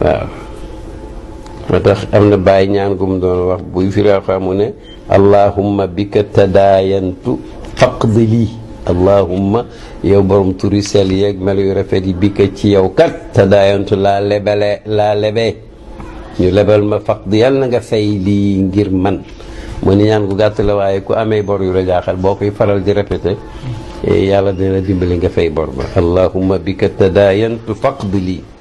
waaw moo tax am na bàyyi ñaan gu mu doon wax buy firi alxuraan mu ne allahumma bika tadaayantu faqdi lii allahumma yow borom turi sel yeeg mel yu rafet yi bika ci yow kat tadaayantu laa lebele laa lebee ñu lebal ma faqdi yàlla na nga fay lii ngir man mu ni ñaan gu gàtt la waaye ku amee bor yu la jaaxal boo koy faral di répété eh, yàlla la dimbali nga fay bor ba allahumma bika tadaayantu faqdi lii